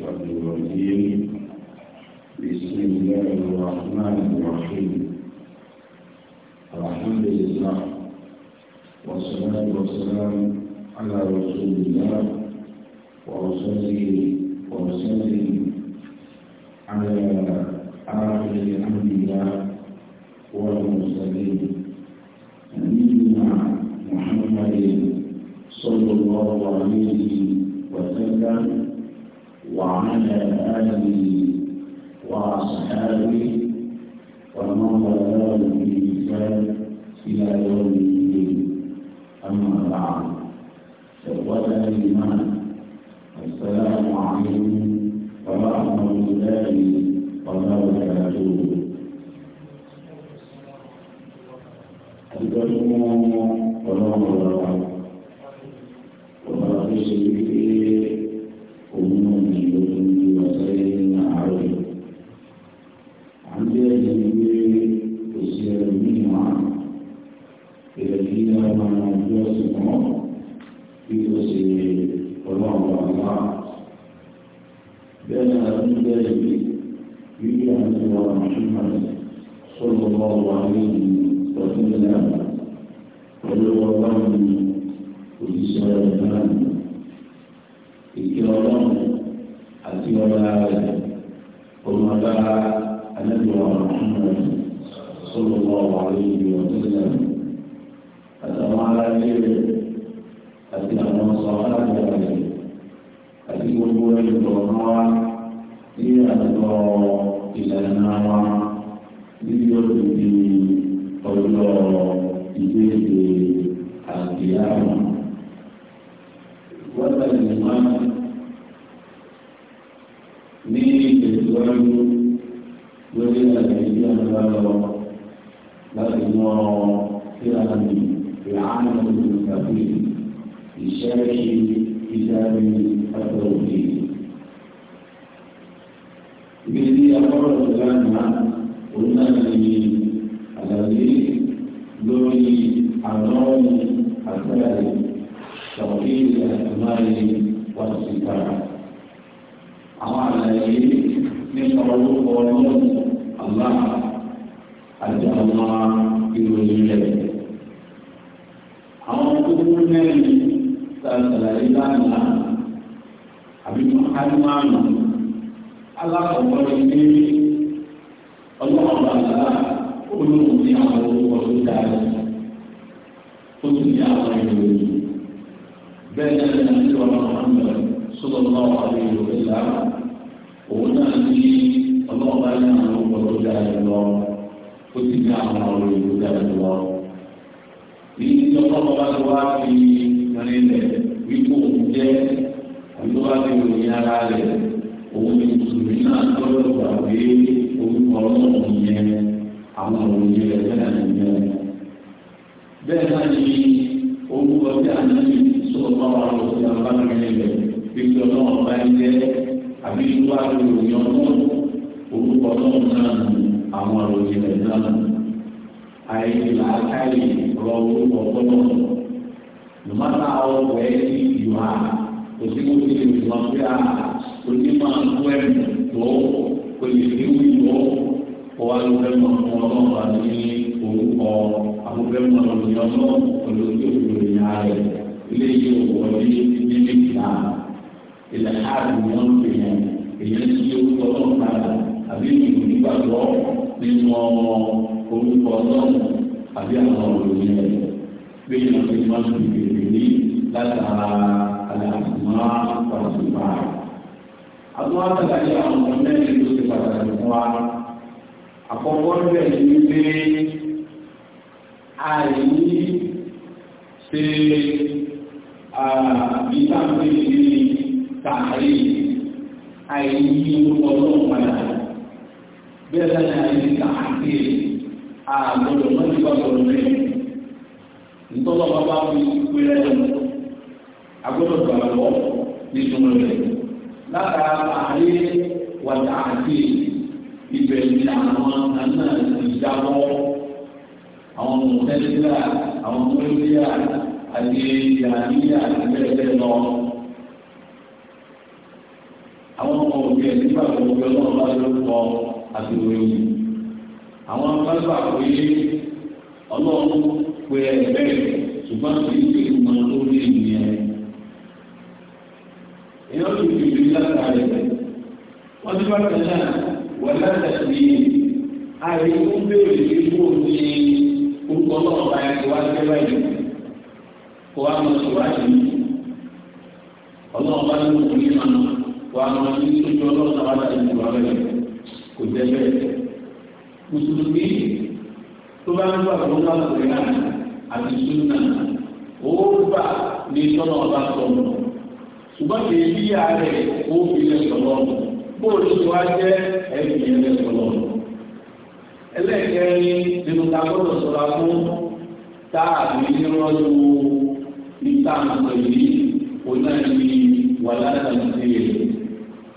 الشيطان الرجيم بسم الله الرحمن الرحيم الحمد لله والصلاة والسلام على رسول الله وأصلي وأسلم على آخر الأنبياء والمرسلين نبينا محمد صلى الله عليه وسلم وعلى آله وأصحابه ومن والاه بإحسان إلى يوم الدين أما بعد إخوة الإيمان السلام عليكم ورحمة الله وبركاته الدنيا ونور الله وما في لكنه في في عالم المستقيم في شرح كتاب التوحيد بذي أقرأ الآن قلنا الذي لوري أنوي أثاري توحيد الأسماء والصفات أما الذي من قوله الله àti àwọn ìròyìn rẹ̀. Àwọn gbogbo mẹ́rin sàlàyé lánàá àbí mọ́kánmánù alákọ̀ọ́kọ́ ni pé ọlọ́run bàbá olóhùn ní àwọn orúkọ tó dára ó sì ní àwọn ìròyìn. Bẹ́ẹ̀ náà ni àti ọ̀rọ̀ àwọn sọ́dọ̀ náà wà ní ìròyìn lára òun náà ní ọlọ́run bá ní àwọn orúkọ tó dára lọ ó ti ní àwọn ọ̀rọ̀ ìlú dáadáa lọ. Ìyí tó kọ́kọ́ bá ti wá fi rìn lẹ̀ wípé òun jẹ́ àbí tó bá fi ròyìn ara rẹ̀ òun ni mùsùlùmí náà tọ́lọ̀ gbà pé orúkọ ọlọ́run yẹn àwọn òròyìn rẹ̀ bẹ́ẹ̀ náà ní yẹn. Bẹ́ẹ̀ náà ni orúkọ tí a náà ní sọ̀rọ̀ bá wà lọ sí àwọn bá rìn lẹ̀ wípé ọlọ́run bá ń jẹ́ àbí tó bá fi ròyìn ọlọ́run orúkọ ọlọ́run náà nù àwọn òròyìn rẹ̀ náà àìlà káyè rọ orúkọ gbọ́dọ̀ lùmọ́tà ọ̀pọ̀ ẹ̀ ti ìwà òsínú tí lè sọ pé a onímọ̀ àgbo ẹ̀ tó kò lè fi wí tó ọwọ́ alùpẹ̀mọ̀ fún ọlọ́ọ̀bà ní orúkọ àbúfẹ́mọ̀ lòdì ọlọ́ọ̀ olóògbé òkúròyìn ààrẹ ilé yìí ò wọlé níbi ìlà ìlà ààrùn yọ̀ ń pè yẹn èyí ń ṣe orúkọ ọlọ́ọ̀bà rẹ̀ àbí ìlú nígbàgbọ́ nínú ọmọ orúkọ ọlọ́run àbí àwọn òròyìn rẹ̀ bí ìlànà tí wọ́n ti bèèrè ní látara àlàmúmá pàṣípà. àwọn àtàlàyé àwọn ọmọ mẹ́rin tó ti pàtàkì fún wa àkọ́kọ́ bẹ̀rẹ̀ ní pé àìní ṣe àbíkàmù ìdílé tààrí àìní orúkọ ọlọ́run padà bẹ́ẹ̀ náà ní àyè ká àti àgbọ̀dọ̀ mọ́tì bá gbọ̀dọ̀ mẹ́rin ntọ́lọ́ bá bá fi wílẹ̀ lọ agbọ́dọ̀ gbàgbọ́ nínú rẹ̀ látara àyè wàtà àti ibẹ̀ ní àwọn àna ìdáwọ́ àwọn mọ̀tẹ́lẹ́lá àwọn mọ̀tẹ́lẹ́lá àti ìyàmíyà àti bẹ́ẹ̀ bẹ́ẹ̀ lọ àwọn ọmọ òbí ẹ̀ nígbà tó ń gbé ọlọ́run bá ló kọ́ ọ àti oyin àwọn pálíbà pé ọlọ́run pé ẹgbẹ́ ṣùgbọ́n kì í ṣe ìmọ̀ tó ní ìyẹn. èèyàn lè fi ìlú látàrí rẹ̀ wọ́n ti bá tẹ̀lé wọ́n látàrí ààrẹ tó ń béèrè sí kó ní orúkọ náà bá yẹn kó wá sí báyìí kó wá mọ̀ síwájú ọlọ́run bá ní òun ní ìmọ̀ wà á mọ̀ sí ìtọ́jú ọlọ́run. bá ń gbà tó ń bá lòdì náà àti súnà ó gbà ní sọ́nà ọba sọ̀rọ̀ ṣùgbọ́n kì í bí ìyá rẹ̀ ó fi lẹ̀ sọ̀rọ̀ bóòlù tó wá jẹ́ ẹ̀yìn yẹn lẹ̀ sọ̀rọ̀ ẹlẹ́ẹ̀kẹ́rin nínú ta gbọ́dọ̀ sọ̀rọ̀ fún táàbí nírọ́lù ìta àgbẹ̀ yìí kò náà ní wàhálà nàìjíríà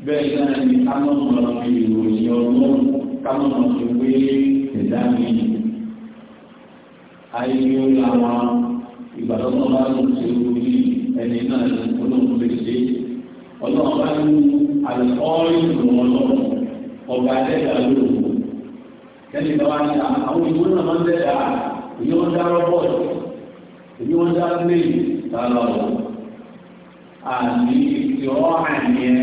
bẹ́ẹ̀ náà ní kámọ́mọ́ ìròyìn ọlọ́run kámọ́mọ́ ti wé ẹ̀dá mi ayé yóò la wọn ìgbàlọ́ náà bá lò sí orí ẹni náà ní olóhùn méje ọlọ́run bá ní àlùkọ́ọ́rì lò wọn lọ ọba ẹ̀dá lò kẹ́lí bá wà ní àwọn ìwé náà máa ń dẹ́ta èyí wọ́n dá rọ́bọ̀tì èyí wọ́n dá léyìn tá a lọ wọ́n àmì ìrọ̀ àmì ẹ̀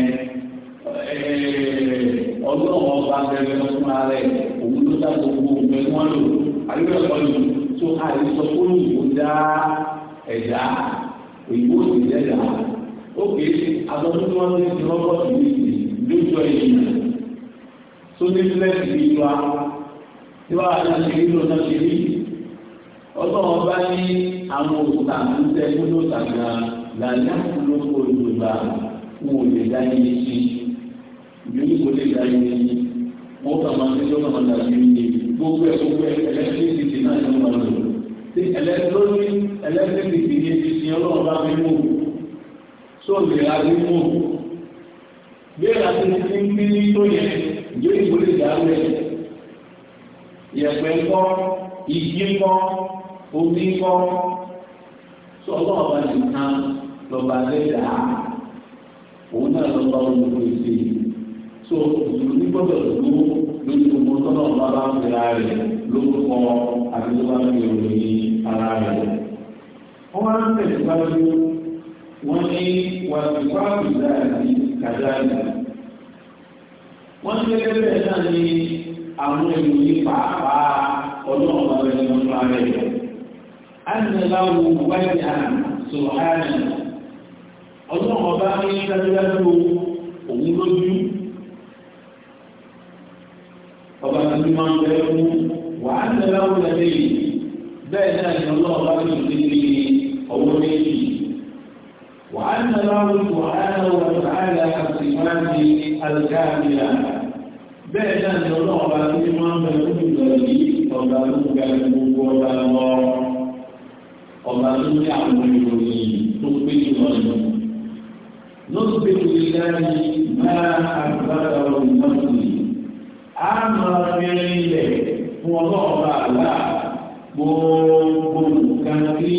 ọlọ́run bẹ̀rẹ̀ fún ara òun ló dá gbogbo òun wọn lò àyè ọ̀pọ̀ lò àìsàn tó ní ìwò dá ẹ̀dá òyìnbó sì dẹ́dà ó pè é àtọ́jú tí wọ́n ní ti lọ́kọ́ sí ní lójú ẹ̀yìn tó ní fúlẹ́sì ní ìlú wa tí wọ́n á lọ sí nínú ọ̀nà ṣe rí ọlọ́run bá ní àwọn òkúta ń tẹ nínú ìtàgbà làlẹ́ àkùlọ́kọ̀ olùgbà wọn ò lè dá yín sí ìlú kò lè dá yín wọ́n kà máa ń tẹ́jọ́ náà dàbí gbogbo ẹ̀ gbogbo ẹ̀ ẹ̀lẹ́sìn náà ló mọ̀ lò tí ẹlẹ́tírónì ẹlẹ́tíríkì ti yé ti sin ọlọ́run bá mi mú sóòlù ìlà mi mú bí ẹ̀rọ àti ti ń bí tó yẹ ìjọ ìbò lè dá lẹ̀ yẹ̀pẹ̀ ńkọ́ igi ńkọ́ omi ńkọ́ so ìlú ní gbọ́dọ̀ lówó lórí gbogbo tọ́lọ́ lórúkọ àdúgbòbáwí ìròyìn ara rẹ̀. wọ́n máa ń tẹ̀síwájú wọ́n ní wàtúwá ìdáàbí kàdáàbí. wọ́n ní gẹ́gẹ́ bẹ́ẹ̀ náà ní àwọn pàápàá ara rẹ̀. a ń lè láwo wáyé àná sọ̀rọ̀ àná. ọlọ́run ní dájúdájú òun lójú. ọba máa ń bẹ́ẹ̀ fún أن له لديه بين أن الله رجل ذكره أو لديه وأن له سبحانه وتعالى الصفات الكاملة بين أن الله رجل من بلغه ذلك ọ̀gbàlú gbàgbé gbogbo ọba lọ ọ̀gbàlú ní àwọn ìròyìn tó pé jùlọ lọ. lọ́sọ̀bẹ̀ tó lè dárí máa àgbàdo ọ̀gbàlú. a máa fi ẹni lẹ̀ fún ọlọ́run àlá gbogbo nǹkan tí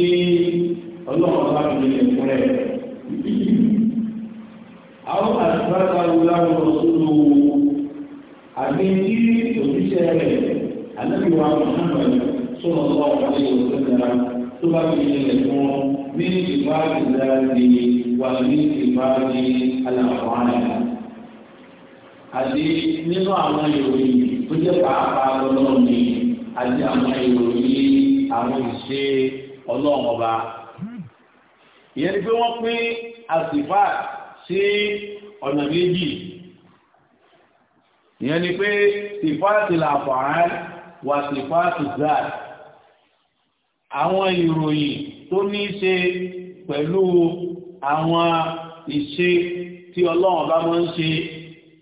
ọlọ́run bá fi lè fún ẹ. àwọn àtúbàtà wúláwọ̀ sódò àgbẹ̀ntì òṣìṣẹ́ rẹ̀ ànábìwá Muhammad sọ̀rọ̀ lọ́wọ́ àti òṣèlú tó bá fi lè fún ní ìbáàdì láti wà ní ìbáàdì aláǹfààní. àti nínú àwọn ìròyìn ó jẹ́ pàápàá lọ́nà ní àti àwọn ìròyìn àwọn ìṣe ọlọ́run ọba. ìyẹn ni pé wọ́n pín àsìfà sí ọ̀nà méjì ìyẹn ni pé sìfáàtì làfàán wà sìfáàtì zaad àwọn ìròyìn tó ní í ṣe pẹ̀lú àwọn ìṣe tí ọlọ́run ọba máa ń ṣe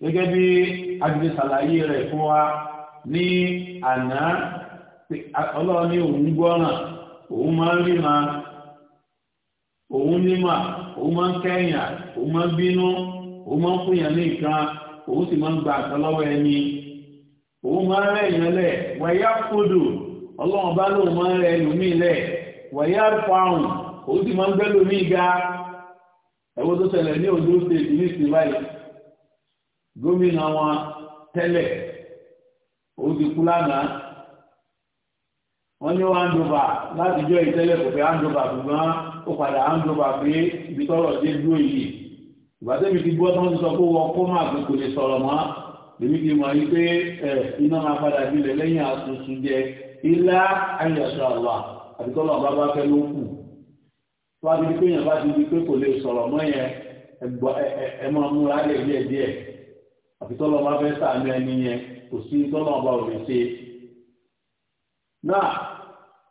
gẹ́gẹ́ bí agbègbè ṣàlàyé rẹ̀ fún wa ní àná ọlọ́run ní òun gbọ́ràn òun máa ń ríma òun nímà òun máa ń kẹ́yìn òun máa ń bínú òun máa ń fúnyàn ní nǹkan òun sì máa ń gba àtọ́ lọ́wọ́ ẹni òun máa ń rẹ̀yìn lẹ̀ wẹ̀yà kodò ọlọ́run bá lóun máa ń rẹ̀ lẹ̀ fáwọn òun sì máa ń ga ẹ̀wọ́n tó ṣẹlẹ̀ ní òdo gómìnà wọn tẹ́lẹ̀ ó ti kú lánàá wọ́n ní handover láti jọ ìtẹ́lẹ̀ kò fẹ́ handover ṣùgbọ́n ó padà handover pé ibi tọ́rọ̀ dé dúró yìí ìbátẹ́mi ti gbọ́ tán ti sọ pé wọ́n kó máa gbé kò lè sọ̀rọ̀ mọ́ lèmi ti mọ̀ yí pé iná máa padà gbilẹ̀ lẹ́yìn àtúntún jẹ ilá ayọ̀ṣọ́ àwà àti tọ́lọ̀ bá bá fẹ́ ló kù wọ́n ti di pé yẹn bá ti di pé kò lè sọ̀rọ̀ mọ́ yẹn ẹ máa múra lẹ̀ díẹ̀díẹ̀ àfi tọ́lọ́ bá fẹ́ sàánú ẹni yẹn kò sí tọ́lọ́ ọba ò lè ṣe. náà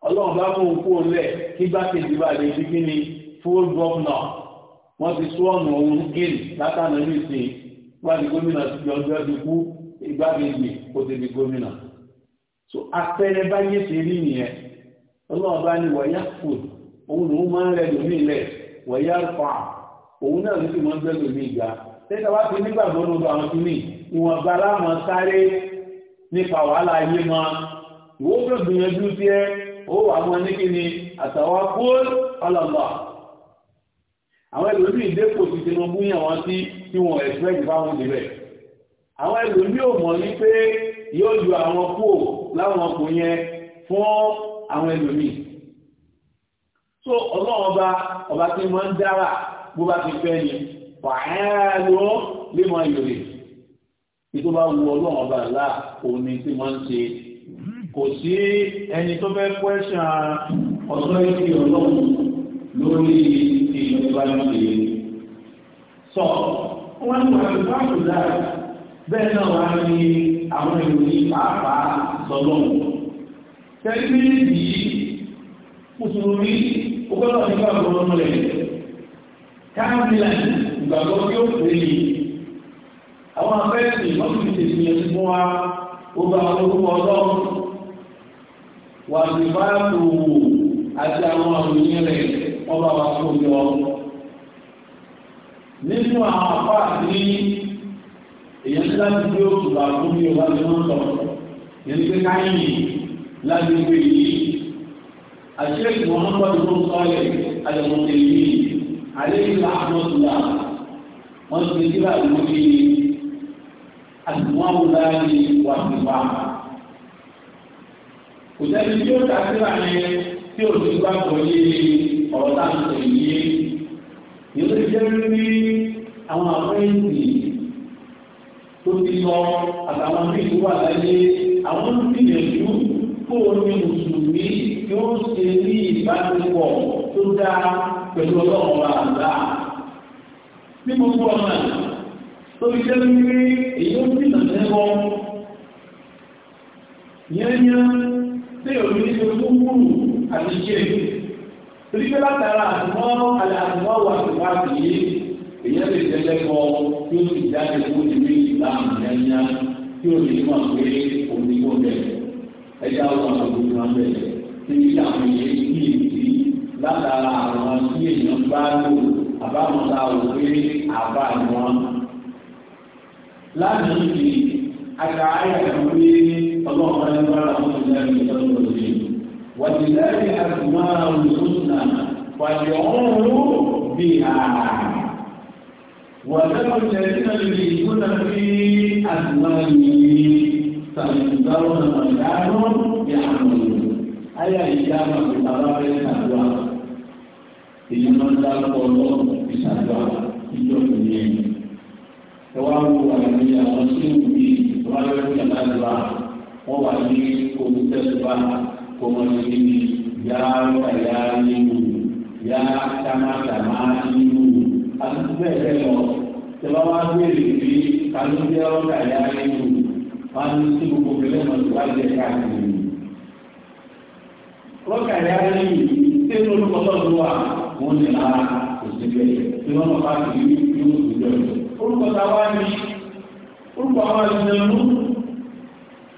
ọlọ́run bá mú òkú ọlẹ̀ kí gbákejì bá lè di kíni fúl gọ́fúnà wọ́n ti sún ọ̀nà òun kíni látànà ní ìsìn wọ́n ti gómìnà yọjọ́ ti kú igbákejì kò ti gómìnà. so afẹ́rẹ́ bá yé ti rí nìyẹn ọlọ́run bá ní wọ̀nyá fòd òun lòún máa ń rẹ lómi lẹ̀ wọ̀nyá fà òun náà ló ti máa ń gbẹ́ lómi ìgbà tẹ́tà wá sí nígbàgbọ́ lóru àwọn tí ní ìwọ̀nba láwọn sáré nípa wàhálà ayé mọ́ ìwó tó gbìyànjú sí ẹ ó wà mọ́ ní kí ni àtàwọn kúl ọlọ́lọ́ àwọn ẹlòmíì dépò ti Tinubu yàn wọ́n sí tí wọ́n ẹ̀sùn ẹ̀jẹ̀ fáwọn níbẹ̀ àwọn ẹlòmíì ò mọ̀ wípé yóò ju àwọn kúò láwọn kò yẹn fún àwọn ẹlòmíì so ọlọ́run ọba ọba tí wọ́n ń dára bó bá ti fẹ́ yìí fàáàlú mímọ́ ìrè ìtò bá wu ọlọ́run ọba àlá òní tí wọ́n ń ṣe kò sí ẹni tó fẹ́ pẹ́ṣà ọ̀tọ́rẹ́tì ọlọ́run lórí ìjọba ìṣe sọ wọn ń pàṣẹ báàlù lára bẹ́ẹ̀ náà wá ní àwọn ìròyìn pàápàá sọlọ́run tẹ́lifíṣì yìí mùsùlùmí ó gbọ́dọ̀ nípa ìgbọ́nmọ́lẹ̀ káàmìlà yìí. ìgbàgbọ́ tí ó pè é àwọn afẹ́sì ti fún wa gbogbo àwọn ọlọ́run wà ní dị àti àwọn àròyìn rẹ̀ wọ́n wa kó yọ. nínú àwọn àpá àti èyàn tí láti gbé oṣù bá fún mi ọba tí wọ́n sọ yẹn pé káyìn láti gbé yìí wọ́n ti ti bá ìlú bí àtìwọ́n bá ní wà sí wa. kò sẹ́ni tí ó ta síra yẹn tí ò ti bá pọ̀ ní ọ̀rọ̀ tá a sọ yìí. yóò ti jẹ́ bí àwọn àfẹ́yìntì tó ti lọ àtàwọn tí wà láyé àwọn ń gbìyànjú kó o ní mùsùlùmí yóò ṣe ní ìbáṣepọ̀ tó dáa pẹ̀lú ọlọ́run àgbà ní gbogbo ọ̀nà tó fi jẹ́ wípé èyí ó sì nà lẹ́wọ́ yẹ́nyá tí ò ní ṣe tó kúrù àti ṣe torí pé látara àtúmọ́ àtúmọ́ wà tìwá tìyé èyí lè jẹ́ lẹ́kọ̀ọ́ tí ó sì jáde kó ti rí ìlànà yẹ́nyá tí ò ní mọ̀ pé òun ni kò bẹ̀ ẹja wà lóko náà bẹ̀rẹ̀ tí ìyàwó yẹn kí èyí látara àwọn tí èèyàn bá lò àbáwọn tá a wò pé àbá ni wọn. lánàá yìí àgbà ayé àgbà pé ọlọ́run máa ń bá àwọn ọmọ ìlú ẹ̀mí tó ń lò sí. wọ́n ti lẹ́yìn àtúmọ̀ lùsùnà wàjọ ọ̀hún bí ààrà. وَذَرُوا الَّذِينَ يُلْحِدُونَ فِي أَسْمَائِهِ سَيُجْزَوْنَ مَا كَانُوا يَعْمَلُونَ. Ayat yang kita dárúkọ ọlọ́run ìṣàdúrà ìjọ ìyẹn. ẹ wá wo àìní àwọn tí ó wù yìí wọ́n á lọ́ọ́ ṣàdúrà wọ́n wà ní owó tẹ́lifà kó wọ́n ti rí ni yáàrá yáà nínú yáà támátàmá nínú àti bẹ́ẹ̀ bẹ́ẹ̀ lọ. tẹ́lá wá béèrè pé kàlóńjẹ́ ọ̀gá yáà nínú wọ́n á ní sí gbogbo pẹ̀lẹ́ mọ̀ tó wá jẹ káàkiri. ọ̀gá yáà nínú sínú olùkọ́tọ̀ ló wà wọ́n ní ara kò sí bẹ́ẹ̀ tí wọ́n bá ti rí ní oṣù bẹ́ẹ̀. orúkọ ta wá ní orúkọ àwọn ìṣẹ̀lú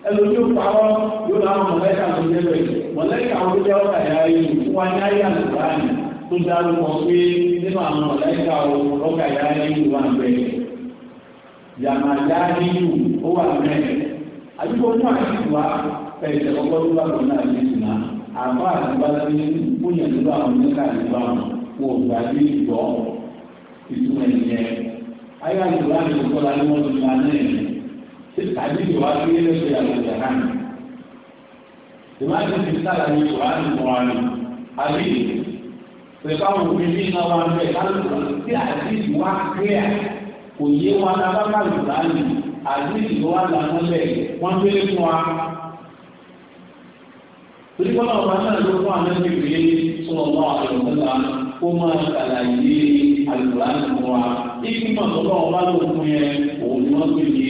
ẹlòmí ó parọ́ yóò láwọn mọ̀lẹ́kà tó jẹ́ bẹ́ẹ̀ mọ̀lẹ́kà ó jẹ́ ọ̀tà ìyá yìí fún wa ní ayé àlùbá ni tó dárúkọ pé nínú àwọn mọ̀lẹ́kà ọ̀gá ìyá yìí wà bẹ́ẹ̀ yàmàjá nínú ó wà bẹ́ẹ̀ àdúgbò fún àtìwá ẹ̀jẹ̀ ọkọ̀ tó bá lọ náà ní ìsìn náà àbá àtìwá sí fúnyẹ̀ nígbà àwọn oníkà àtìwá wọn kó o gbà ní ìgbọ́ ìtumọ̀ ìyẹn. ayé àgbà ni o kọ́ra ní wọ́n ti máa ní ẹ̀yìn ṣé tàbí ìwà tó yẹ lọ́sẹ̀ àwọn ìjà náà ni. ìwádìí ti sára ní ìwà àdìmọ́ wa ni àbí pẹ̀lú àwọn òbí ní iná wa ń bẹ̀ kálukú tí àti ìwà kíá kò yé wa lábá kálukú láàyè àti ìwà làwọn bẹ̀ wọ́n gbélé fún wa torí kọ́lá ọba náà ló fún àmẹ́sì ìgbéyé sọ̀rọ̀ náà àti ọ̀sẹ̀ náà kó máa ṣàlàyé àlùbáàlù fún wa ibi mọ̀tọ́lọ́ ọba ló fún yẹn òun ni wọ́n pè ní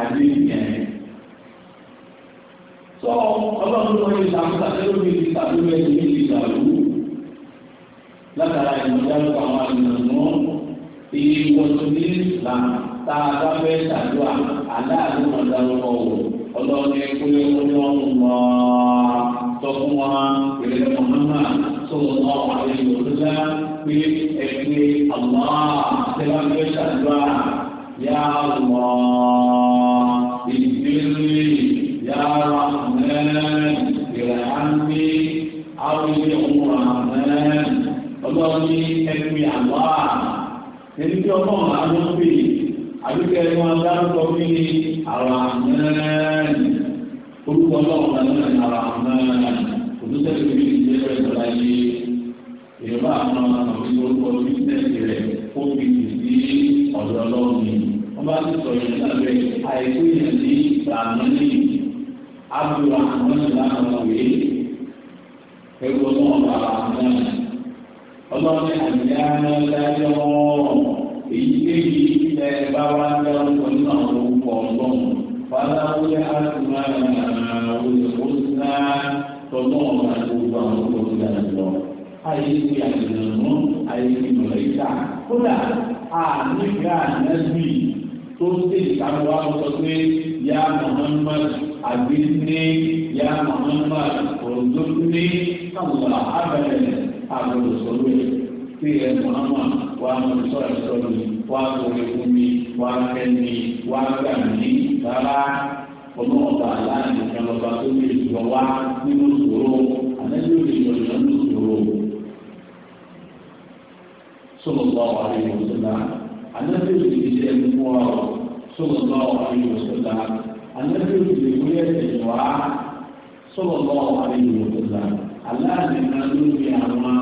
àdéhùn yẹn. sọ ọlọ́run ló ń ta àkọsílẹ̀ lórí ìtàkùnlẹ̀ ní ìdàlú látara ìmọ̀jáde àwọn àlùmọ̀ èyí wọ́n tún ní ìlànà tá a bá fẹ́ ṣàdúrà aláàánú ọ̀dà ọkọ̀ wò ọlọ́run ẹ̀kọ́ ni wọ́n mú wọn. àníkà nẹ́bí tó ṣe ìtàkùwá sọ pé ya Muhammad àgbéní ya Muhammad òǹdókúní àwọn abẹ́rẹ́ àgbẹ̀lòsọ̀rọ̀ ẹ̀ tí ẹ Muhammad wà mọ̀ sọ̀rọ̀ sọ̀rọ̀ wà sọ̀rọ̀ fún mi wà kẹ́ni wà gàmí rárá ọmọ ọba kan lọba tó lè jọ wá nínú ìṣòro àlejò ìṣòro ìṣòro. sallallahu alaihi wasallam ànábì ò lè ṣe ẹni fún wa o sallallahu alaihi wasallam ànábì ò lè wí ẹsẹ̀ wá sallallahu alaihi wasallam aláàbí náà ló ní àwọn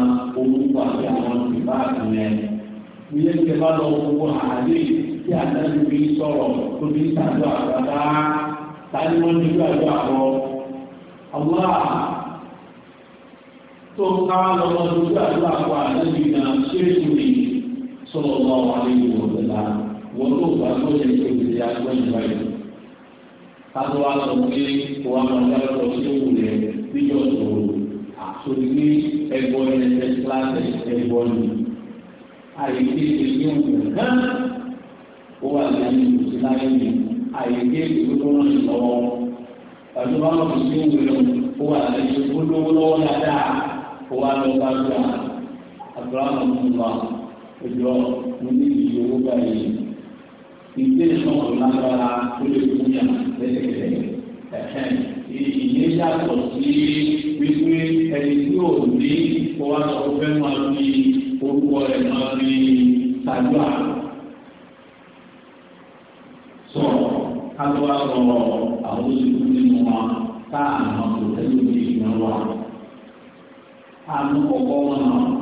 orúkọ àti àwọn ìbá àtìlẹ́yìn ilé ìgbẹ́ bá lọ owó àdé tí àtàlù fi sọ̀rọ̀ tó fi sàdó àgbàdá tani wọ́n ní gbàdó àbọ̀ àwọn tó ká lọ́wọ́ tó gbàdó àbọ̀ àtàlù náà ṣé èso rè sọ̀rọ̀ ọmọ wa ní ìlú ọ̀dọ̀lá wọn tó gbà tó ṣe ṣe ìdílé agbẹ́yìn báyìí. Káàtó wa sọ pé kó wa máa dá lọ sí òwú rẹ̀ bíjọ́ sọ̀rọ̀ àtòrí ní ẹgbọ́ ẹsẹ̀ kíláàsì ẹgbọ́ ni. Àyíké ṣe ní òkú náà ó wà lẹ́yìn ìlú láyé mi. Àyíké ìlú tó rán lọ́wọ́. Ẹ̀dùn bá lọ sí òwú rẹ̀ ó wà lẹ́yìn ìlú lọ́wọ́ dáadáa ó wà lọ́wọ́ bá gbà. Àdúrà lọ́wọ́ ìjọ ní ìyí owó báyìí ìgbé náà lágbára tó lè fún yà lẹ́sẹ̀kẹsẹ̀ ẹ̀hẹ́n ìyẹn yàtọ̀ sí wípé ẹni tí ò ní kó wá sọ fẹ́ máa fi orúkọ rẹ̀ máa fi ṣàdúrà sọ kájọ wá àwọn oṣù nínú wa tá àmọ́ kò tẹ́lẹ̀ ìgbà wa àmọ́ kọ̀ọ̀kan náà.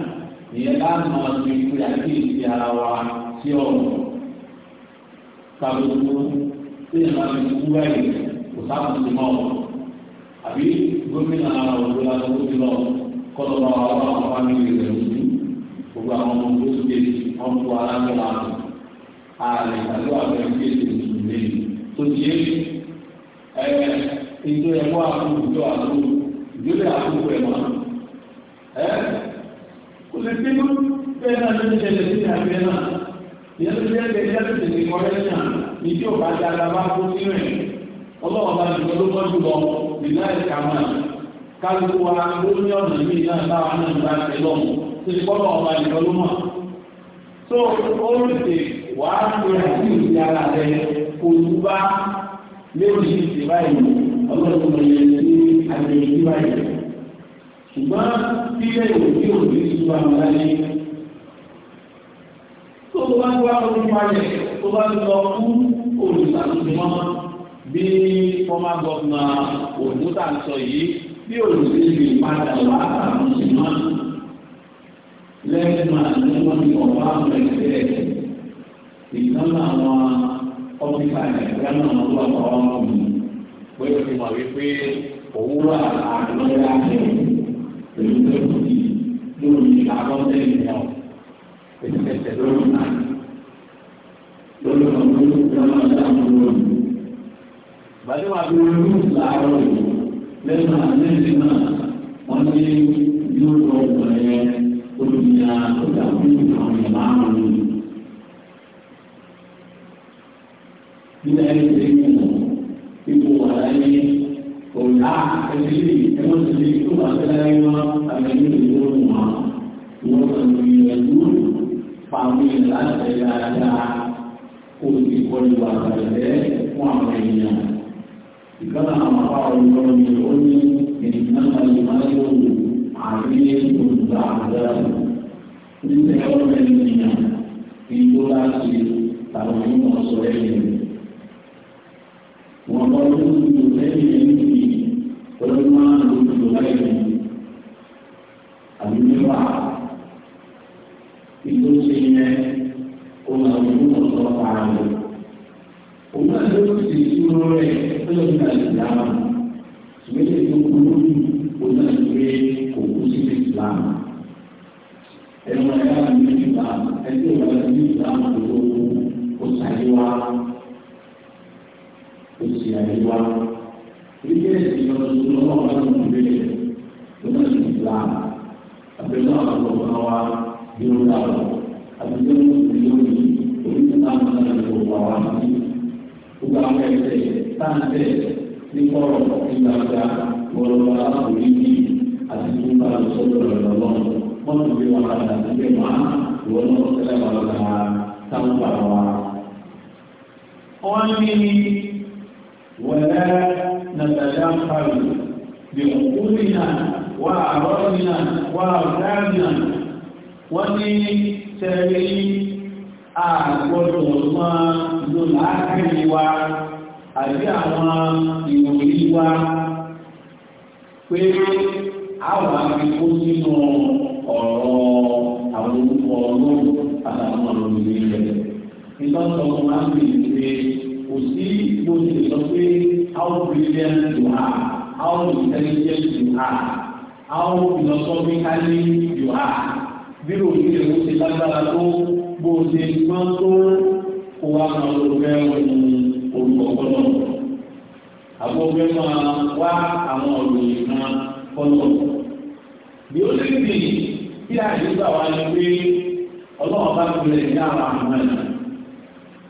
ìyẹn láàmú ọdún ìpè ya ìpè ara wa sí ọ̀rọ̀ tí ìyẹn máa fi kú báyìí kò sáàmù sí mọ́ àbí gómìnà ara òdo la tó ti lọ kọ́lọ́ bá wà wà wà ní ìrẹ̀ òdu gbogbo àwọn Muslimu bẹ́ẹ̀ náà ló ń ṣẹlẹ̀ sí àgbẹ̀ náà. Ìyẹn ló jẹ́ ẹgbẹ́ ìjáde tètè kọ́ ẹ̀ṣàn ní tí ò bá jẹ́ alábá kó sínú ẹ̀. Ọlọ́run bá ti gbọ́dọ̀ mọ́ jùlọ nígbà ìka máa. Kálukú wa ló ní ọ̀nà mí náà táwa náà gba ẹ̀ lọ́mù. Ṣé kọ́lọ́ ọba nìkan ló mọ̀? Tó o lè tè wá pé àti ìyára rẹ̀ kò ní bá lórí ìṣèwáyé ọlọ́run lè ṣe àgbẹ̀ ìṣèwáyé ṣùgbọ́n sílẹ̀ òbí òbí ìṣúra ọ̀láyé tó bá ń wá orí palẹ̀ tó bá ń lọ fún olùsàtúnmọ́ bí former governor ògúntà ń sọ yìí bí olùsèlè padà wà àtàkùnṣìmọ́ lẹ́yìn máa ní wọ́n ní ọ̀pá àwọn ẹgbẹ́ ìtàn àwọn ọ́fíìsà ìgbẹ́ náà lọ́wọ́ ọ̀hún pé ó ti mọ̀ wípé òwúrọ̀ àdúrà ẹ̀yìn èyí tó kù sí lórí àkọsílẹ̀ ìyá ọ̀ ìfẹsẹ̀ lórí náà lórí ọ̀gbọ́n lọ́nà ìdáhùn lórí. Bàdé wà bí wọ́n yóò láàárọ̀ lẹ́nu àlẹ́sìn náà wọ́n ní yóò lọ wọ̀nyẹn olùyà ọjà fún ìtàn ìmáàmù. Nílẹ̀ ẹ̀jẹ̀. àwọn èèyàn láti ṣe dáadáa olùdíkọ́ni wà pẹ̀lẹ́ fún àwọn èèyàn. ìkànnà àwọn afá olùkọ́ mi ó ní ìdínáà ìmáyò àti olùgbà àdáàbò. nígbà tí wọ́n fẹ́ ènìyàn ìgbó láti tàbí mọ̀ sọ ẹ̀yìn. bí wọn padà síbẹ̀ wá ìwọ náà tẹ́lẹ̀ wọn lọ ka táwọn padà wá. wọ́n ní wọ̀lẹ́ nàtàlá pàlù bí òkúri náà wà àrọ́ọ̀nì náà wà ọ̀gáàmì náà wọ́n ní tẹ̀lé àgbọ̀dọ̀ máa lò láàárín wa àbí àwọn ìròyìn wa pé àwọn àfikún sínú ọ̀hún ọ̀rọ̀ àwọn orúkọ ọlọ́run àtàwọn ọ̀rọ̀ ìlú rẹ̀. ìtọ́sọ̀ kan máa ń bè é pé kò sí bó ti lè how brilliant you are how intelligent you are how philosophically you are bí o ní èrò ti lágbára tó bó ti gbọ́n tó kó wa máa lọ bẹ́ẹ̀ wọ́n ní orúkọ ọlọ́run. àwọn ọgbẹ́ máa wá àwọn ọ̀rọ̀ ìlú náà fọ́lọ́. bí ó lè dì tí àyíká wa ni pé ọlọ́run bá gbilẹ̀ ní ara àmọ́ ẹ̀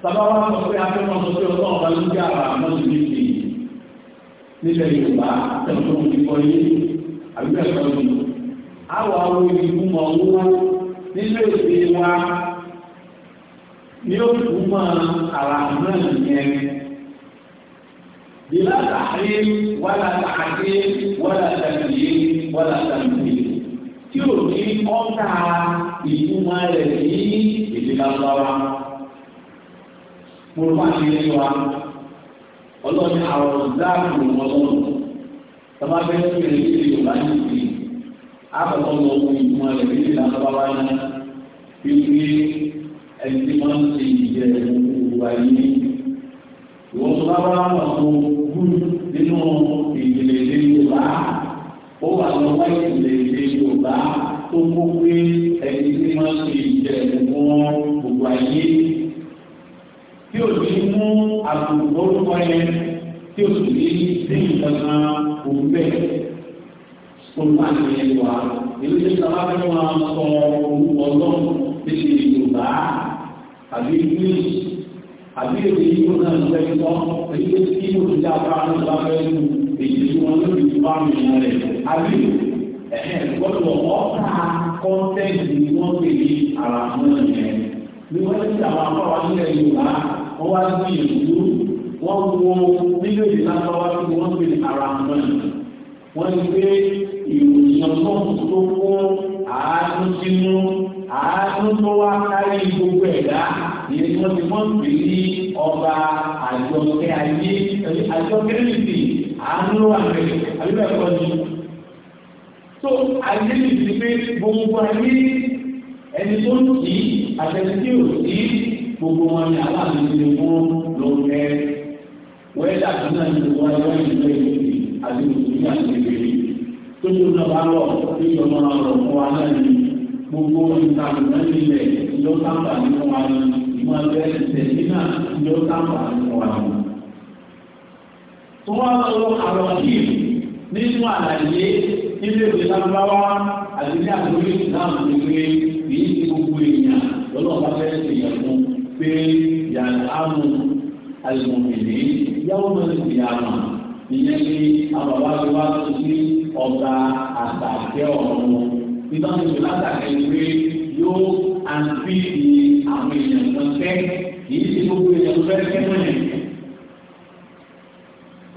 sábà wá sọ pé akẹ́kọ̀ọ́ sọ pé ọlọ́run bá ní ara àmọ́ ẹ̀ ní ti nílẹ̀ yorùbá tẹ̀sán ti kọ́ yé àbí ẹ̀kọ́ yìí àwọn àwọn ìlú mọ̀ owó nínú èdè wa ni ó mọ́ ara àmọ́ ẹ̀ yẹn bila tahrim wala ta'dil wala tí ò ní ọ́ta ìtumọ̀ rẹ̀ ní ìdílé lọ́wọ́. Mo máa ń yẹ wa ọlọ́run àwọn ọ̀dáàbò ọlọ́run tọ́ba bẹ́ẹ̀ tó yẹ kí Yorùbá ní ìdí àbọ̀tọ́ lọ fún ìtumọ̀ rẹ̀ ní ìdílé lọ́wọ́ náà bí wí ẹni tí wọ́n ń ṣe ìjẹ́ gbogbo ayé. Ìwọ̀n tó bá wà wọ́n tó nínú ìdílé Yorùbá ó wà lọ wáyé ilé ilé yorùbá tó kó pé ẹni tí wọ́n ṣe ìjẹ̀bù wọn gbogbo ayé tí ò ní mú àbùkù orúkọ yẹn tí ò sì ní sí ìtàn òun bẹ́ẹ̀ olùkọ́ àti ẹ̀yẹ wa èyí tí sábà fẹ́ wọn sọ orúkọ lọ́wọ́ níbi yorùbá àbí english àbí èdè yíò náà ń fẹ́ tọ́ èyí tó ti yíò ti dá bá ní ìgbà fẹ́ lu èyí tí wọ́n lórí ìfipá mi rẹ̀ àbí ẹ̀hẹ́ gbọ́dọ̀ ọ̀tá kọ́ńtẹ́ǹtì ni wọ́n pè ní àràmọ́ yẹn bí wọ́n ti àwọn afọ́wá nílẹ̀ Yorùbá wọ́n wá sí ìlú wọ́n wo nílò ìlànàwá tí wọ́n pè ní àràmọ́ wọ́n ti gbé ìròyìn ọlọ́run tó kó àánú sínú àánú tó wá kárí gbogbo ẹ̀dá ìyẹn ni wọ́n ti wọ́n pè ní ọba àjọkẹ́ ayé àjọkẹ́ nìsí àánú àmì àbíbẹ̀ ẹ̀kọ́ ni. tó ayé nìsí pé gbogbo ayé ẹni tó ń tì í àtẹni tí ò sí gbogbo wọn ni aláàbí ti mú ló ń fẹ́. wẹ́ẹ́dà tó náà ní gbogbo ayé wọ́n ti fẹ́ ìlú àti ìlú àti ìlú tó tó náà bá lọ ní ìjọba ọ̀rọ̀ fún wa náà ni gbogbo ìtàkùn náà nílẹ̀ ló sábà nínú wa ni ìmọ̀ ẹgbẹ́ ìṣẹ̀lẹ̀ náà ló sábà nínú wa. tó wá lọ àwọn yìí nínú àlàyé nílé ìwé lágbáwá àti ní àgbóyè ìsìláàmù ní pé kì í ti gbogbo èèyàn lọ́nà bá fẹ́ ṣèyàn fún pé yàrá àmú àlùmọ̀mìnì yàwó mọ̀ sí àmà ìyẹn ní àbàbáwá tó sí ọba àtàkẹ́ ọ̀run nígbà tó látàkẹ́ pé yóò àǹfí ni àwọn èèyàn kan fẹ́ kì í ṣe gbogbo èèyàn fẹ́ fẹ́ mọ́yàn.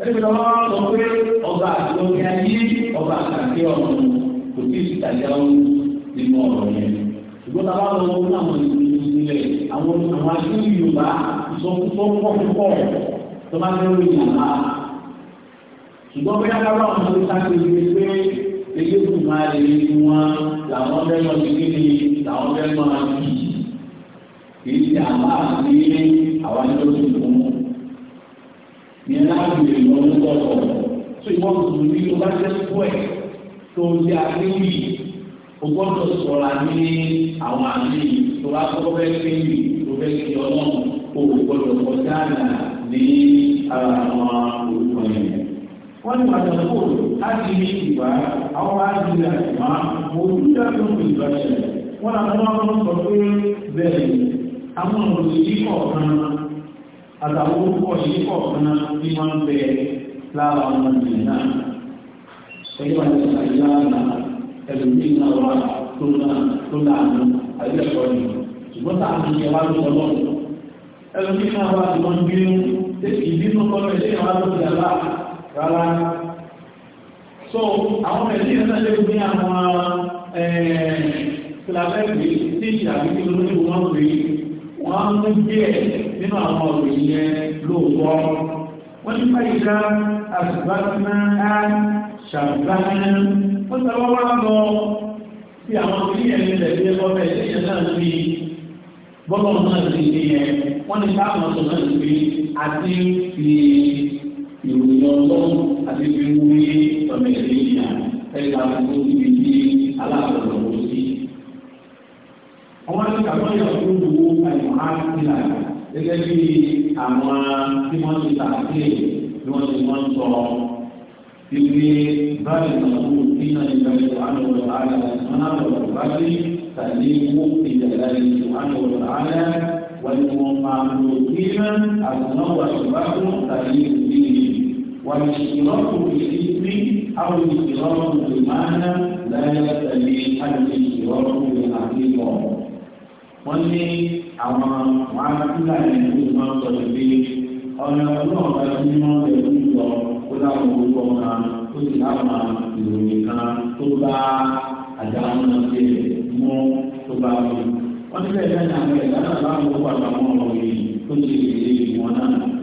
Ẹgbẹ́ wọn sọ pé ọba àtúnṣe ayé ọba àkàkẹ́ ọ̀run kò sí ìtajà ọ̀run nínú ọ̀rọ̀ yẹn. Ṣùgbọ́n bàbá wọn lọ fún àwọn ìlú ìlẹ̀ àwọn àwọn akéwì Yorùbá ìsọkúsọ pọ̀ púpọ̀ tó bá fẹ́ lóyún àlá. Ṣùgbọ́n bí wọ́n bá wà wọn lórí sáà ilé kù máa lè ní wọn làwọn fẹ́ mọ̀ ní kí ni làwọn fẹ́ mọ̀ ní kì í ṣe àmà àti àwọn ẹni tó ti kú mọ́. Ní ẹ̀rọ àgbè ìmọ̀ ń sọ̀rọ̀ tó ìwọ́n tuntun ní ló bá jẹ́ pọ̀ ẹ̀ tó ti àkéwì o gbọ́dọ̀ sọ̀ra ní àwọn àmì tó bá kọ́ fẹ́ kéwì tó fẹ́ kí ọlọ́run o gbọ́dọ̀ kọjá àná ní àwọn olùkọ́ yẹn. Wọ́n ní pàtàkì kò láti ní ìwà àwọn àjíjà ìmá òjúdà tó fi ìbàṣẹ̀ wọ́n àwọn ọmọ sọ pé bẹ̀rẹ̀ àwọn òṣèlú kọ̀ọ̀kan àtàwọn orúkọ yìí kọ̀ọ̀kan bí wọ́n ń bẹ lára ọmọ ìlú náà ẹgbẹ́ wọn ti sàyè lára ẹlòmíì náà wà tó náà tó láàánú àyẹ̀kọ́ ni ṣùgbọ́n tá a ti yẹ wá lọ́wọ́ lọ́wọ́ ẹlòmíì so àwọn ẹ̀sìn yẹn náà lè ní àwọn filabẹ́ẹ̀bì tí ìṣàbí tí ló ní wọ́n rí wọ́n ń mú díẹ̀ nínú àwọn ọ̀rọ̀ yẹn lóòótọ́ wọ́n ní báyìí ká àṣùbáṣánná á ṣàbáṣánná ó sọ wọ́n wá lọ sí àwọn oníyẹn nílẹ̀ bí ẹgbọ́n bẹ́ẹ̀ lẹ́yìn náà ní bọ́lọ̀ náà sì ní yẹn wọ́n ní báwọn sọ̀rọ̀ náà sí àti ìròyìn ọlọ́run àti fi ń wí ọmọ ẹ̀rí ìyá ẹ̀ka tó ti fi di aláàbọ̀lọ̀ lọ sí. Àwọn akẹ́kọ̀ọ́ yà tó ń wo àyùn áàtìlà gẹ́gẹ́ bí àwọn tí wọ́n ti tà sí ni wọ́n ti wọ́n sọ ibi báyìí náà kú nínú ìgbàlẹ̀ àwọn ọ̀rọ̀ ààrẹ àwọn ọ̀rọ̀ báyìí tàbí wọ́n ti ìlú àwọn ọ̀rọ̀ ààrẹ wọ́n ti wọ́n máa lò kíran والاشتراك بالاسم او الاشتراك بالمعنى لا يستلزم الاشتراك بالحقيقه wọ́n ní àwọn wàhálà yẹn tó máa ń sọ̀rọ̀ pé ọ̀nà ọlọ́run bá ti mọ́ ẹ̀rú lọ kó láwọn orúkọ kan ó sì láwọn ìròyìn kan tó bá àdáwọn náà ṣe mú tó bá wọn. wọ́n ti bẹ̀rẹ̀ náà àwọn ẹ̀dá náà láwọn orúkọ àtàwọn ọ̀rọ̀ yìí tó ti lè ṣe ìwọ̀n náà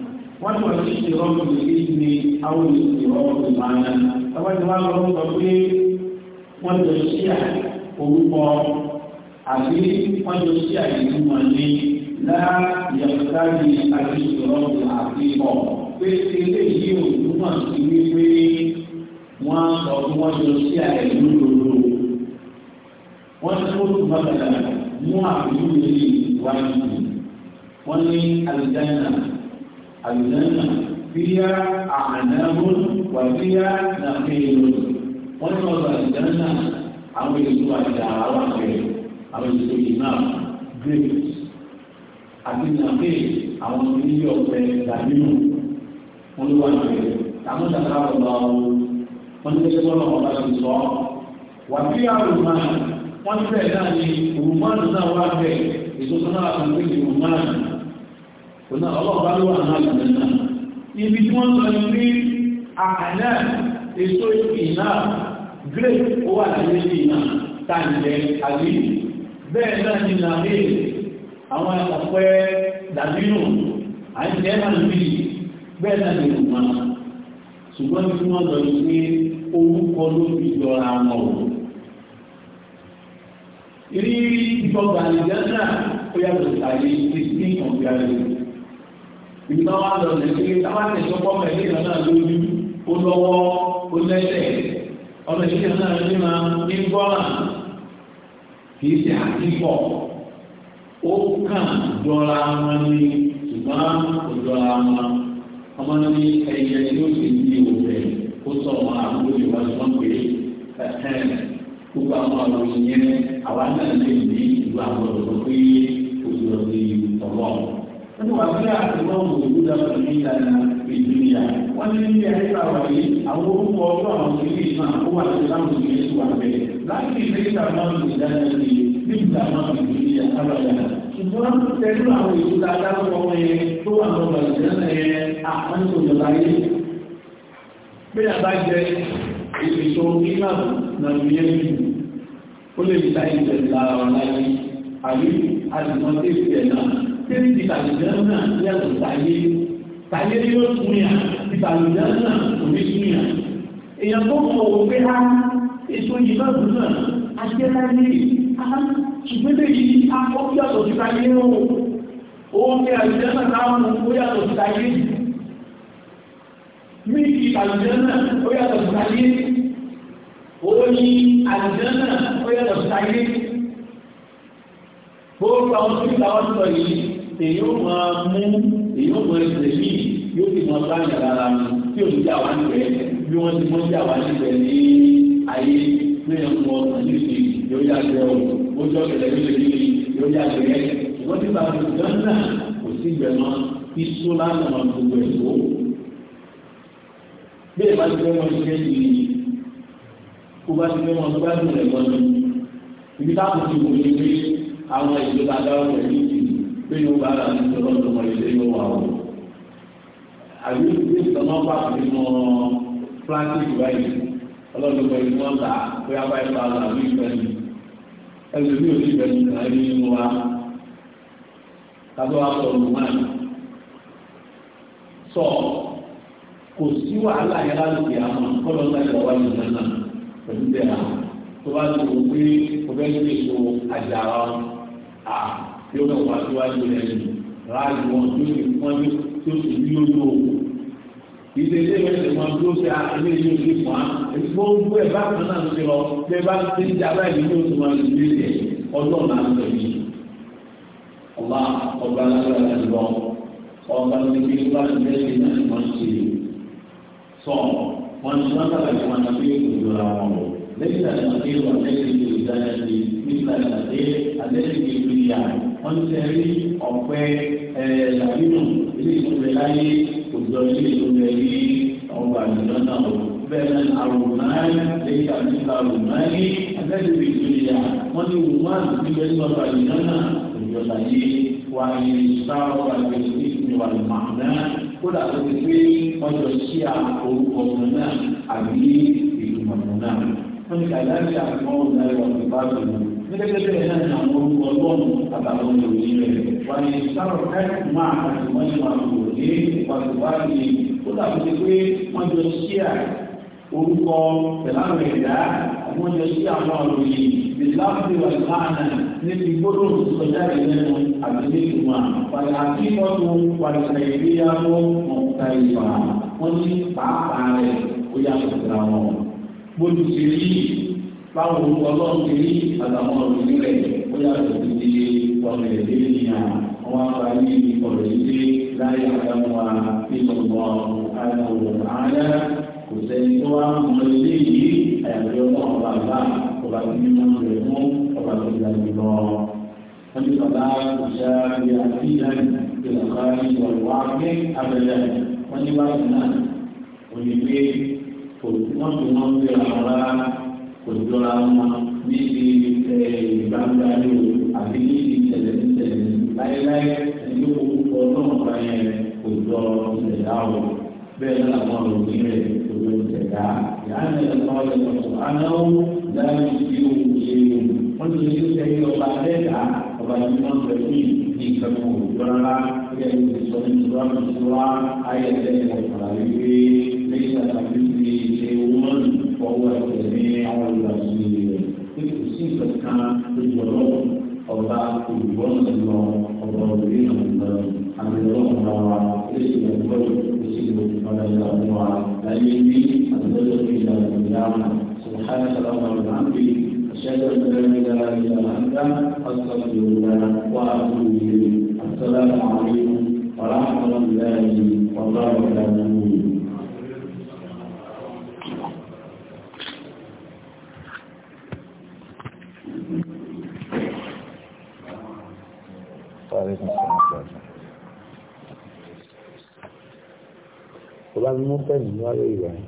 wọ́n ti wọ́n ti ṣe rọ́ọ̀mù yìí ní àwọn ìṣe rọ́ọ̀mù ìmọ̀ọ́nà tọ́wọ́ ti wá lọ́wọ́ sọ pé wọ́n jọ sí à orúkọ àbí wọ́n jọ sí à ìtumọ̀ ní láàyẹ̀kọ́tàbí àti ìṣòrọ̀mù àfihàn pé eléyìí ò túmọ̀ sí wípé wọ́n sọ fún wọ́n jọ sí à ìlú lòlò wọ́n ti kó tó bàtà mú àbúrò yìí wáyé wọ́n ní àlùjáde náà àlùjánnà fíyà àmàlẹ́mú wà fíyà nàfẹ́lú wọ́n ní ọ̀dọ̀ àlùjánnà àwọn èso àjà àwọn àgbẹ̀ àwọn èso ìmáà grapes àti nàfẹ́lú àwọn onílé ọ̀pẹ dàbínú wọn ló wà lóye àwọn dàgbà ọ̀dọ̀ wọn ní ẹgbẹ́ ọ̀nà ọ̀gá ti sọ wà fíyà rùmánì wọ́n bẹ̀rẹ̀ náà ní rùmánì náà wà bẹ̀ èso tó náà àti ìpínlẹ̀ ọ̀nà ọlọ́pàá ló wà náà lọ́nà náà ibi tí wọ́n lọ ní àkànná èso ìná grape ó wà ní ilé ìná tàǹdẹ̀ àbí bẹ́ẹ̀ náà ni nàbí àwọn ọ̀pẹ dàbínú àìjẹ́ náà ìjẹ́ náà ó yàtọ̀ sí àyè ìsìn ọ̀gbìn àlejò ìgbà wa lọ lẹ́yìn táwa ti sọ pọ́ mẹ́lẹ́ ìgbà náà lójú ó lọ́wọ́ ó lẹ́sẹ̀ ọmọ ìdílé náà ní ma ní gbọ́nà kì í ṣe àtìkọ́ ó kàn jọra wọn ní ṣùgbọ́n kò jọra wọn ọmọ ní ẹ̀yẹ ló sì ń di òfẹ́ ó sọ wọn àbúrò gbogbo àwọn ọ̀rọ̀ ìyẹn àwa náà ní ìlú àwọn ọ̀rọ̀ pé òṣèlú ọ̀rọ̀ wọ́n wà sí àtìmọ́ òwúrú dábàá ní ìlànà ìdúnyà wọ́n ní ní ẹ̀rí ìgbàwà yìí àwọn orúkọ ọlọ́run àwọn ìlú ìmọ̀ àkówà sí láwọn ìlú ìlú wà bẹ́ẹ̀ láti ilé ìdáná ìdáná sí ní ìdáná ìdúnyà sábàdà ṣùgbọ́n pẹ̀lú àwọn ìlú dáadáa wọn yẹn tó wà lọ́wọ́ ìdáná yẹn àwọn ìjọba yìí bí a bá jẹ ìfìṣọ́ imam ó lè ta ìjẹ̀ lára láyé àbí àtìmọ́ tẹ́lí ti tàlùjẹ́ náà yàtọ̀ táyé táyé yóò tún yà ti tàlùjẹ́ náà kò ní tún yà. èèyàn tó mọ̀ wò pé á ah, ètò yìí náà dùn náà ajẹ́ láyé á ah, ṣùgbọ́n yìí á kọ́ yàtọ̀ sí táyé o òun ní àlùjẹ́ náà náà mú ó yàtọ̀ sí táyé mí ti tàlùjẹ́ ó yàtọ̀ sí táyé owó ní àlùjẹ́ ó yàtọ̀ sí táyé gbogbo àwọn tó ń wọn sọ yìí èyí ó máa mú èyí ó mọ ẹsẹ̀ mí yóò fi mọ báyìí lára mi tí ò ní jà wá níbẹ̀ bí wọ́n ti mọ jà wá níbẹ̀ ní ayé pé ẹ̀ ń mọ ọ̀sán yóò yàgbẹ́ o ó jọ kẹlẹ́ yóò lè yí yóò yàgbẹ́ wọ́n ti bá fi gánà kò sí gbẹ̀mọ́ kí sólà nàmà gbogbo ẹ̀ tó bẹ́ẹ̀ bá ti fẹ́ wọn ṣiṣẹ́ yìí kó bá ti fẹ́ wọn gbádùn rẹ̀ wọn ni ibi táwọn ti wò ní pé àwọn ìjọba adáwọ̀ rẹ̀ yìí pé yóò bá ara ní sọ̀rọ̀ tó mọ ilé yóò wà o. àbí ìwé ìtọ́nà bá fi mọ plastic báyìí ọlọ́dún pẹ̀lú wọn ta pé a bá ẹ bá ara ní ìfẹ́ mi. ẹgbẹ́ mi ò ní ìfẹ́ mi kàn ní inú wa. kábọ̀ àtọ̀ lùmáì. sọ kò sí wàhálà yẹn láti àwọn kọ́lọ́ náà yọ̀ wáyé náà pẹ̀lú bẹ́ẹ̀ náà tó bá tó o pé o bẹ́ẹ̀ ní èso àjàrà à tí ó náà wá síwájú rẹ̀ lò ráàyè wọn tó lè wọ́n ní tó sì ní lójú òkú. ìdè ilé ìwé ìlú wọn tó ṣe ilé ìlú ìlú fún wa gbogbo ẹ̀ bá kan náà ń ṣe lọ pé bá ń ṣe ń jà báyìí ní oṣù wọn lè lè ọdún náà ń tẹ̀lé. ọba ọba alágbára ti lọ ọba ní kí wọ́n ti tẹ́lẹ̀ náà ni wọ́n ṣe sọ wọn ni wọ́n sábà ní náà fi òjò ra wọn o lẹ́yìn àti àti ìwà lẹ́yìn ìlú ìdáyà ti nígbà ìgbà wọ́n ti rí ọ̀pẹ làbínú ilé ìtúbẹ láyé òjò ilé ìtúbẹ ní ọgbà àjùlọ náà o bẹ́ẹ̀ náà àrùnmáì lẹ́yìn àti àrùnmáì abẹ́rẹ́ ìtúlẹ̀yà wọ́n ti wù wá níbẹ̀ ní ọgbà àjùlọ náà òjò láyé wà ní sáwọ́ àgbẹ̀ ìtúbẹ̀ wà ní màmá kódà tó ti pé ọjọ́ sí orúkọ ọmọ náà àbí ìlú màmá náà wọ́n ti kàdáyé àgbọ̀n náà lọ́ọ́ gẹ́gẹ́gẹ́ náà ní àwọn orúkọ lọ́nù àtàwọn ìròyìn rẹ̀ wà ní sáró ẹ̀kú máa àti wọ́n ní wọn kò ní wàtúwàtí ó dàbí ti pé wọ́n jọ sí à orúkọ pẹ̀láwọ̀ ẹ̀dá wọ́n jọ sí àwọn ìròyìn ìlànà wà lánà níbi gbọ́dọ̀ sọjá ìlẹ́nu àti nígbìmọ̀ wàlẹ̀ àti ìkọ́tù wàlẹ̀ ìgbéyàwó ọ̀tá ìfà wọ́n ní pàápàá rẹ̀ ó yà sọ̀tà wọn. gbọ́dọ̀ sí yìí báwo ọlọ́run ti rí àtàwọn ọ̀rọ̀ nílẹ̀ ó yàtọ̀ sí ti ọ̀rọ̀ èdè ènìyàn wọn bá yí ọ̀rọ̀ èdè láyé àdámọ́ wa nínú ọmọ aláwọ̀ ààrẹ kò sẹ́ni tó wá mọ ilé yìí àyàfi ọmọ ọba àbá ọba tó ní mọ rẹ̀ fún ọba tó ga jù lọ. wọ́n ti bàbá òṣà rẹ̀ àti ìlànà ìlànà ìwọ̀lùwà pé abẹ́rẹ́ wọ́n ní báyìí náà òní pé kò tí wọ́n fi wọ́n fi àwọn rárá kò jọra wọn níbi ìgbàgbà yóò àbí níbi ìṣẹ̀lẹ̀ ìṣẹ̀lẹ̀ láéláé ẹni orúkọ náà bá yẹn kò jọ ìṣẹ̀dá o bẹ́ẹ̀ náà wọn ò ní rẹ̀ kò jọ ìṣẹ̀dá ìyáàmì ẹ̀kọ́ ẹ̀kọ́ anáwó dáhùn sí òun ṣe o wọ́n ti lè ṣe ẹyẹ ọba lẹ́dà ọba tí wọ́n fẹ́ fún yìí ní ìkẹ́kọ̀ọ́ òjọ́ra kí ẹni ìṣọ́ ní ìṣúra ìṣúra ayẹyẹ ẹ̀kọ́ وهو السميع البصير تلك كان بالجلوس أو بعد الجلوس أو بعدين الله عن الله الله ليس يقول يسير ولا يقوى لا إلى القيامة سبحانك اللهم وبحمدك أشهد أن لا إله إلا أنت أستغفر الله وأتوب إليك السلام عليكم ورحمة الله وبركاته tó bá mú fẹ́mi níwájú ìwà yẹn